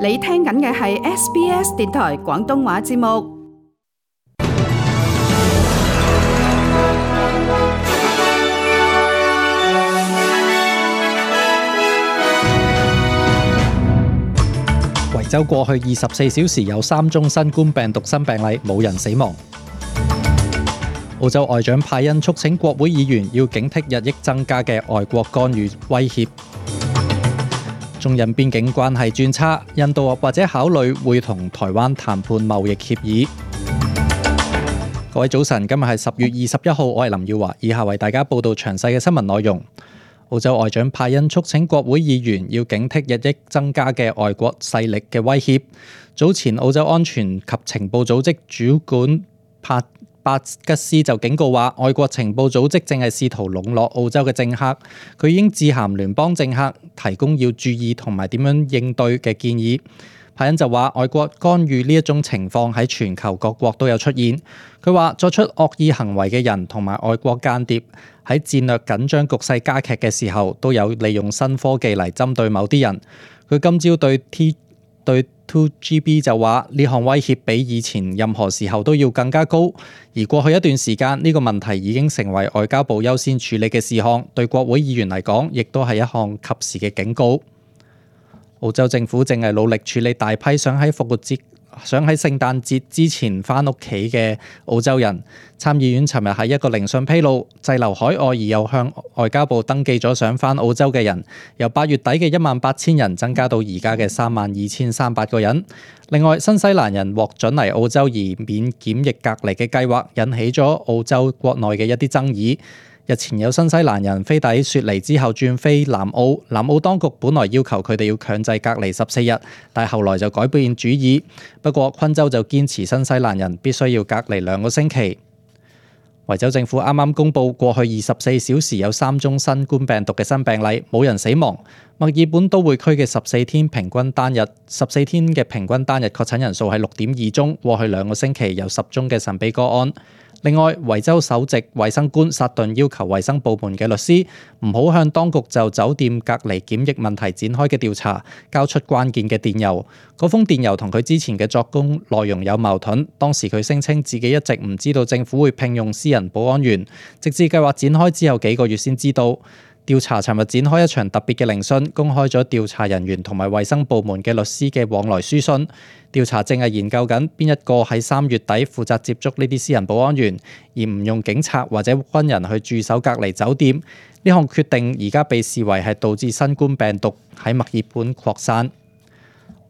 你聽緊嘅係 SBS 電台廣東話節目。維州，過去二十四小時有三宗新冠病毒新病例，冇人死亡。澳洲外長派恩促請國會議員要警惕日益增加嘅外國干預威脅。中印邊境關係轉差，印度或者考慮會同台灣談判貿易協議。各位早晨，今日係十月二十一號，我係林耀華，以下為大家報道詳細嘅新聞內容。澳洲外長派恩促請國會議員要警惕日益增加嘅外國勢力嘅威脅。早前澳洲安全及情報組織主管帕白吉斯就警告話，外國情報組織正係試圖籠絡澳洲嘅政客，佢已經致函聯邦政客，提供要注意同埋點樣應對嘅建議。派恩就話，外國干預呢一種情況喺全球各國都有出現。佢話，作出惡意行為嘅人同埋外國間諜喺戰略緊張局勢加劇嘅時候，都有利用新科技嚟針對某啲人。佢今朝對 T 對 2GB 就話呢項威脅比以前任何時候都要更加高，而過去一段時間呢個問題已經成為外交部優先處理嘅事項，對國會議員嚟講亦都係一項及時嘅警告。澳洲政府正係努力處理大批想喺復活節。想喺聖誕節之前翻屋企嘅澳洲人，參議院尋日喺一個聆訊披露，滯留海外而又向外交部登記咗想翻澳洲嘅人，由八月底嘅一萬八千人增加到而家嘅三萬二千三百個人。另外，新西蘭人獲准嚟澳洲而免檢疫隔離嘅計劃，引起咗澳洲國內嘅一啲爭議。日前有新西蘭人飛抵雪梨之後轉飛南澳，南澳當局本來要求佢哋要強制隔離十四日，但係後來就改變主意。不過昆州就堅持新西蘭人必須要隔離兩個星期。維州政府啱啱公布過去二十四小時有三宗新冠病毒嘅新病例，冇人死亡。墨爾本都會區嘅十四天平均單日，十四天嘅平均單日確診人數係六點二宗，過去兩個星期有十宗嘅神秘個案。另外，維州首席衛生官薩頓要求衛生部門嘅律師唔好向當局就酒店隔離檢疫問題展開嘅調查交出關鍵嘅電郵。嗰封電郵同佢之前嘅作供內容有矛盾。當時佢聲稱自己一直唔知道政府會聘用私人保安員，直至計劃展開之後幾個月先知道。調查尋日展開一場特別嘅聆訊，公開咗調查人員同埋衛生部門嘅律師嘅往來書信。調查正係研究緊邊一個喺三月底負責接觸呢啲私人保安員，而唔用警察或者軍人去駐守隔離酒店。呢項決定而家被視為係導致新冠病毒喺墨爾本擴散。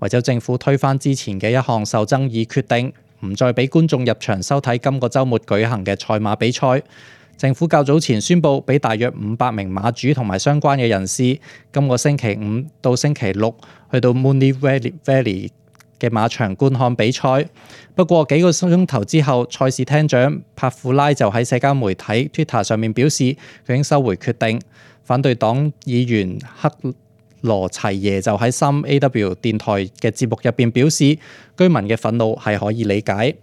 維州政府推翻之前嘅一項受爭議決定，唔再俾觀眾入場收睇今個周末舉行嘅賽馬比賽。政府較早前宣布，俾大約五百名馬主同埋相關嘅人士今個星期五到星期六去到 Moonee Valley 嘅馬場觀看比賽。不過幾個鐘頭之後，賽事廳長帕庫拉就喺社交媒體 Twitter 上面表示，佢已經收回決定。反對黨議員克羅齊耶就喺三 AW 電台嘅節目入邊表示，居民嘅憤怒係可以理解。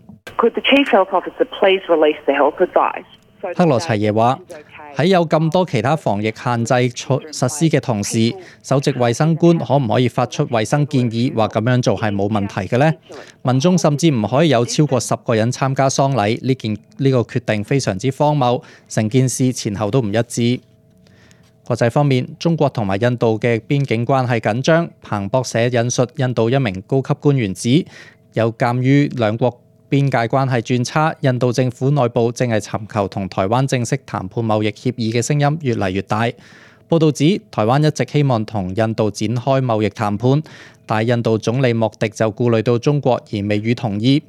克羅齊耶話：喺有咁多其他防疫限制措實施嘅同時，首席衛生官可唔可以發出衛生建議，話咁樣做係冇問題嘅呢？民眾甚至唔可以有超過十個人參加喪禮，呢件呢、呢個決定非常之荒謬，成件事前後都唔一致。國際方面，中國同埋印度嘅邊境關係緊張。彭博社引述印度，印度一名高級官員指，有鑑於兩國邊界關係轉差，印度政府內部正係尋求同台灣正式談判貿易協議嘅聲音越嚟越大。報道指，台灣一直希望同印度展開貿易談判，但印度總理莫迪就顧慮到中國而未予同意。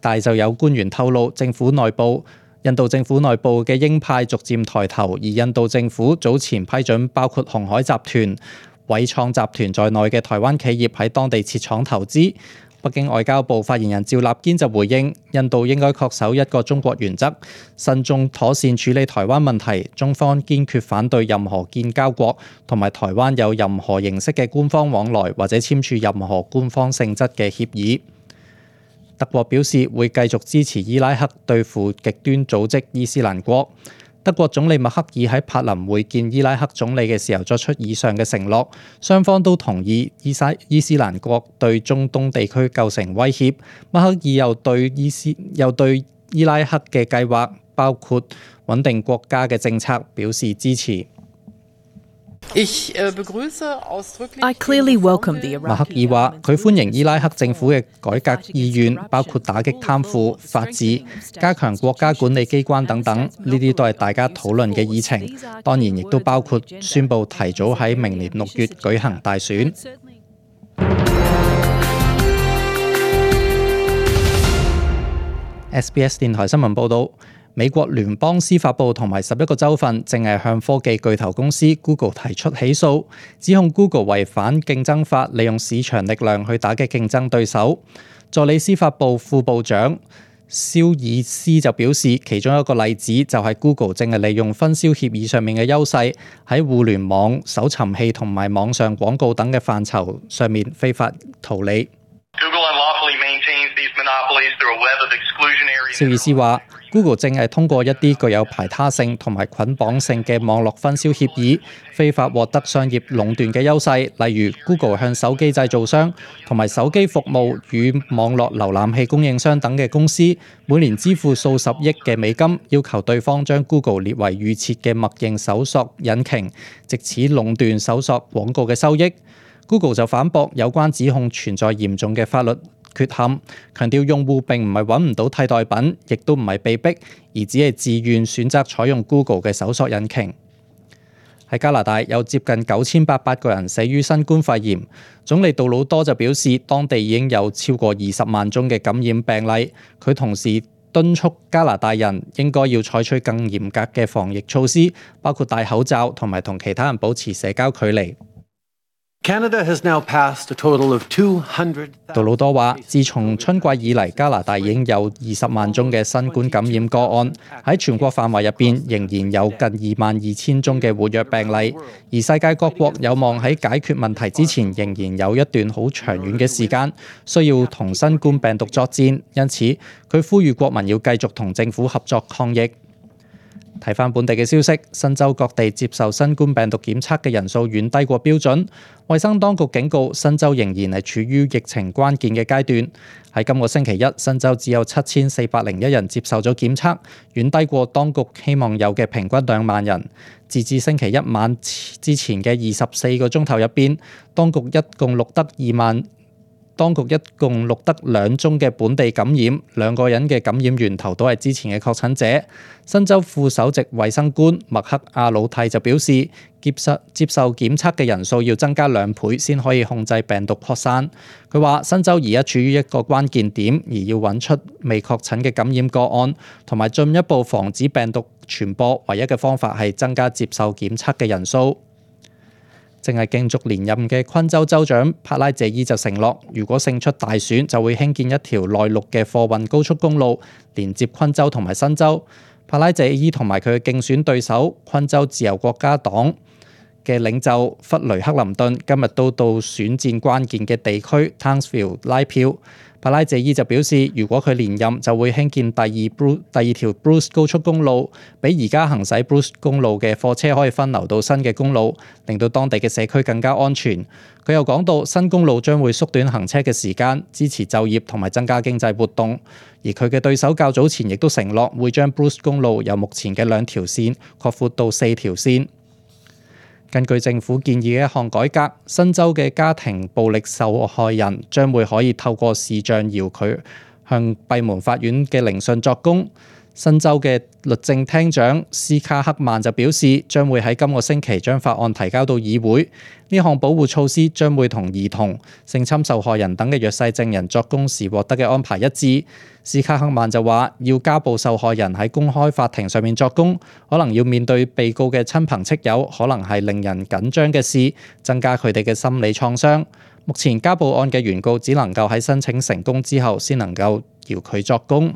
但就有官員透露，政府內部印度政府內部嘅鷹派逐漸抬頭，而印度政府早前批准包括鴻海集團、偉創集團在內嘅台灣企業喺當地設廠投資。北京外交部發言人趙立堅就回應：印度應該恪守一個中國原則，慎重妥善處理台灣問題。中方堅決反對任何建交國同埋台灣有任何形式嘅官方往來，或者簽署任何官方性質嘅協議。德國表示會繼續支持伊拉克對付極端組織伊斯蘭國。德國總理默克爾喺柏林會見伊拉克總理嘅時候作出以上嘅承諾，雙方都同意伊斯伊斯蘭國對中東地區構成威脅。默克爾又對伊斯又對伊拉克嘅計劃，包括穩定國家嘅政策表示支持。I clearly welcome the Iraqi。麥克爾話：佢歡迎伊拉克政府嘅改革意願，包括打擊貪腐、法治、加強國家管理機關等等。呢啲都係大家討論嘅議程。當然，亦都包括宣布提早喺明年六月舉行大選。 SBS 電台新聞報導。美國聯邦司法部同埋十一個州份正係向科技巨頭公司 Google 提出起訴，指控 Google 違反競爭法，利用市場力量去打擊競爭對手。助理司法部副部長肖爾斯就表示，其中一個例子就係 Google 正係利用分銷協議上面嘅優勢，喺互聯網搜尋器同埋網上廣告等嘅範疇上面非法圖利。肖爾斯話。Google 正係通過一啲具有排他性同埋捆綁性嘅網絡分銷協議，非法獲得商業壟斷嘅優勢。例如，Google 向手機製造商同埋手機服務與網絡瀏覽器供應商等嘅公司，每年支付數十億嘅美金，要求對方將 Google 列為預設嘅默認搜索引擎，藉此壟斷搜索廣告嘅收益。Google 就反駁有關指控存在嚴重嘅法律缺陷，強調用戶並唔係揾唔到替代品，亦都唔係被逼，而只係自願選擇採用 Google 嘅搜索引擎。喺加拿大有接近九千八百個人死於新冠肺炎，總理杜魯多就表示，當地已經有超過二十萬宗嘅感染病例。佢同時敦促加拿大人應該要採取更嚴格嘅防疫措施，包括戴口罩同埋同其他人保持社交距離。Canada has now passed a total of 200. 杜魯多話，自從春季以嚟，加拿大已經有二十萬宗嘅新冠感染個案，喺全國範圍入邊，仍然有近二萬二千宗嘅活躍病例。而世界各國有望喺解決問題之前，仍然有一段好長遠嘅時間需要同新冠病毒作戰。因此，佢呼籲國民要繼續同政府合作抗疫。睇翻本地嘅消息，新州各地接受新冠病毒檢測嘅人數遠低過標準。衛生當局警告，新州仍然係處於疫情關鍵嘅階段。喺今個星期一，新州只有七千四百零一人接受咗檢測，遠低過當局希望有嘅平均兩萬人。截至星期一晚之前嘅二十四個鐘頭入邊，當局一共錄得二萬。當局一共錄得兩宗嘅本地感染，兩個人嘅感染源頭都係之前嘅確診者。新州副首席衛生官麥克亞魯蒂就表示，接受接受檢測嘅人數要增加兩倍先可以控制病毒擴散。佢話：新州而家處於一個關鍵點，而要揾出未確診嘅感染個案，同埋進一步防止病毒傳播，唯一嘅方法係增加接受檢測嘅人數。正係競逐連任嘅昆州州長帕拉謝伊就承諾，如果勝出大選，就會興建一條內陸嘅貨運高速公路，連接昆州同埋新州。帕拉謝伊同埋佢嘅競選對手昆州自由國家黨嘅領袖弗雷克林頓今日都到選戰關鍵嘅地區 Townsville 拉票。巴拉謝伊就表示，如果佢連任，就會興建第二 Bruce 第二條 Bruce 高速公路，俾而家行駛 Bruce 公路嘅貨車可以分流到新嘅公路，令到當地嘅社區更加安全。佢又講到，新公路將會縮短行車嘅時間，支持就業同埋增加經濟活動，而佢嘅對手較早前亦都承諾會將 Bruce 公路由目前嘅兩條綫擴闊到四條綫。根據政府建議嘅一項改革，新州嘅家庭暴力受害人將會可以透過視像遙距，向閉門法院嘅聆訊作供。新州嘅律政廳長斯卡克曼就表示，將會喺今個星期將法案提交到議會。呢項保護措施將會同兒童性侵受害人等嘅弱勢證人作供時獲得嘅安排一致。斯卡克曼就話，要家暴受害人喺公開法庭上面作供，可能要面對被告嘅親朋戚友，可能係令人緊張嘅事，增加佢哋嘅心理創傷。目前家暴案嘅原告只能夠喺申請成功之後夠，先能夠遙距作供。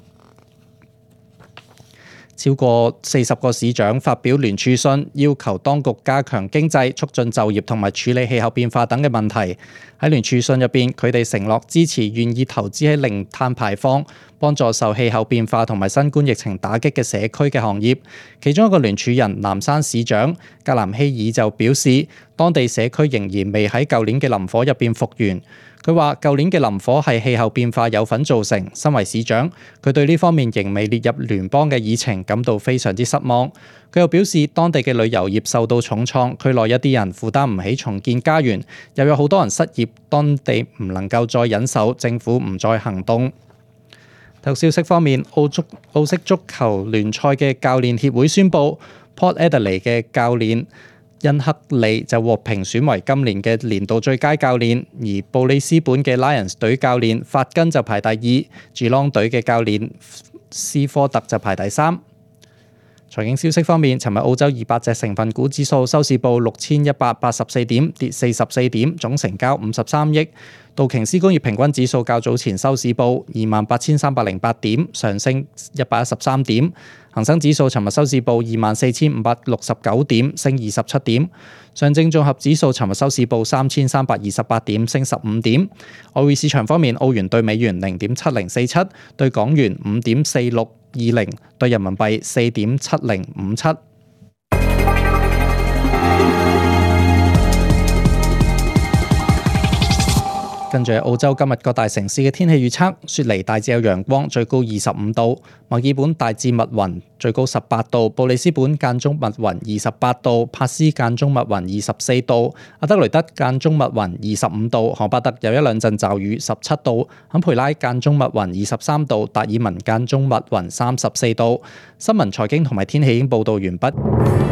超過四十個市長發表聯署信，要求當局加強經濟、促進就業同埋處理氣候變化等嘅問題。喺聯署信入邊，佢哋承諾支持願意投資喺零碳排放、幫助受氣候變化同埋新冠疫情打擊嘅社區嘅行業。其中一個聯署人，南山市長格蘭希爾就表示，當地社區仍然未喺舊年嘅林火入邊復原。佢話：舊年嘅林火係氣候變化有份造成。身為市長，佢對呢方面仍未列入聯邦嘅議程，感到非常之失望。佢又表示，當地嘅旅遊業受到重創，區內一啲人負擔唔起重建家園，又有好多人失業，當地唔能夠再忍受政府唔再行動。體育消息方面，澳足澳式足球聯賽嘅教練協會宣布，Port Adelaide 嘅教練，因克利就獲評選為今年嘅年度最佳教練，而布里斯本嘅 Lions 隊教練法根就排第二，吉朗隊嘅教練斯科特就排第三。財經消息方面，尋日澳洲二百隻成分股指數收市報六千一百八十四點，跌四十四點，總成交五十三億。道瓊斯工業平均指數較早前收市報二萬八千三百零八點，上升一百一十三點。恒生指數尋日收市報二萬四千五百六十九點，升二十七點。上證綜合指數尋日收市報三千三百二十八點，升十五點。外匯市場方面，澳元對美元零點七零四七，對港元五點四六。二零兌人民幣四點七零五七。 跟住係澳洲今日各大城市嘅天氣預測：雪梨大致有陽光，最高二十五度；墨爾本大致密雲，最高十八度；布里斯本間中密雲，二十八度；帕斯間中密雲，二十四度；阿德雷德間中密雲，二十五度；荷伯特有一兩陣驟雨，十七度；坎培拉間中密雲，二十三度；達爾文間中密雲，三十四度。新聞、財經同埋天氣已經報道完畢。